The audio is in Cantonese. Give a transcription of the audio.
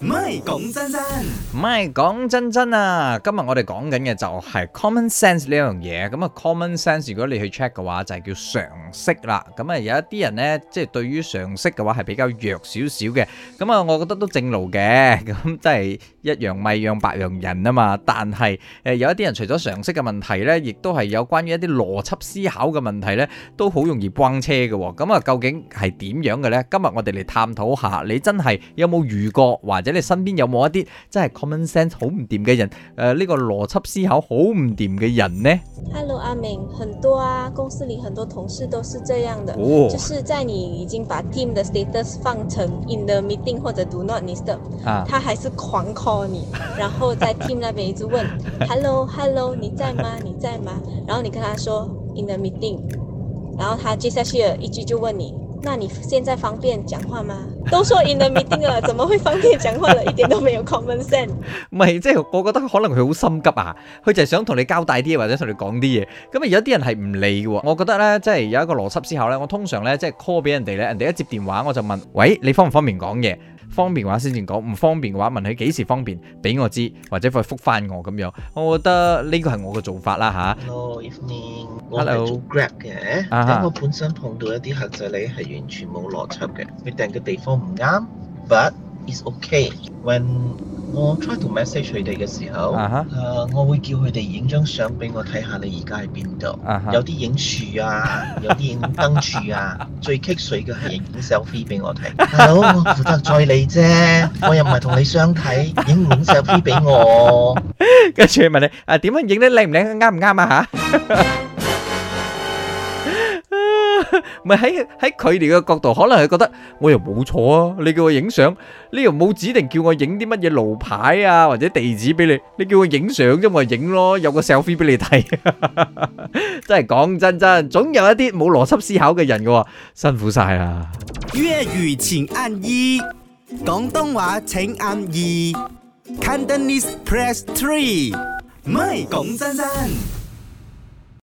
唔係講真真，唔係講真真啊！今日我哋講緊嘅就係 common sense 呢樣嘢。咁啊，common sense 如果你去 check 嘅話，就係叫常識啦。咁啊，有一啲人呢，即係對於常識嘅話係比較弱少少嘅。咁啊，我覺得都正路嘅。咁真係一樣米養百樣人啊嘛。但係誒，有一啲人除咗常識嘅問題呢，亦都係有關於一啲邏輯思考嘅問題呢，都好容易崩車嘅。咁啊，究竟係點樣嘅呢？今日我哋嚟探討下，你真係有冇遇過話？或或者你身邊有冇一啲真係 common sense 好唔掂嘅人？誒、呃、呢、這個邏輯思考好唔掂嘅人呢？Hello，阿明，很多啊，公司裏很多同事都是這樣的。Oh. 就是在你已經把 team 的 status 放成 in the meeting 或者 do not disturb 他還是狂 call 你，然後在 team 嗰邊一直問 ，hello hello 你在嗎你在嗎？然後你跟佢說 in the meeting，然後他接下嚟一句就問你。那你現在方便講話嗎？都說 in the meeting 了， 怎麼會方便講話了？一點都沒有 common sense。唔係，即係我覺得可能佢好心急啊，佢就係想同你交代啲嘢或者同你講啲嘢。咁啊，有啲人係唔理嘅。我覺得呢，即係有一個邏輯思考呢，我通常呢，即係 call 俾人哋呢，人哋一接電話我就問：喂，你方唔方便講嘢？方便嘅話先至講，唔方便嘅話問佢幾時方便俾我知，或者佢覆翻我咁樣，我覺得呢個係我嘅做法啦嚇。Hello, evening。Hello。我係做 Grab 嘅。啊。咁、uh huh. 我本身碰到一啲客仔，你係完全冇邏輯嘅，你訂嘅地方唔啱，But it's okay when 我 try to message 佢哋嘅時候、uh huh. 呃，我會叫佢哋影張相俾我睇下，你而家喺邊度？Huh. 有啲影樹啊，有啲影燈柱啊， 最棘水嘅係影 selfie 俾我睇。大佬，我負責載你啫，我又唔係同你相睇，影唔影 selfie 俾我？跟住問你，誒點樣影得靚唔靚？啱唔啱啊？嚇！合 唔係喺喺佢哋嘅角度，可能係覺得我又冇錯啊！你叫我影相，你又冇指定叫我影啲乜嘢路牌啊或者地址俾你，你叫我影相啫嘛，我影咯，有個 selfie 俾你睇。真係講真真，總有一啲冇邏輯思考嘅人嘅喎，辛苦曬啦！粵語請按一，廣東話請按二，Cantonese press three，唔係講真真。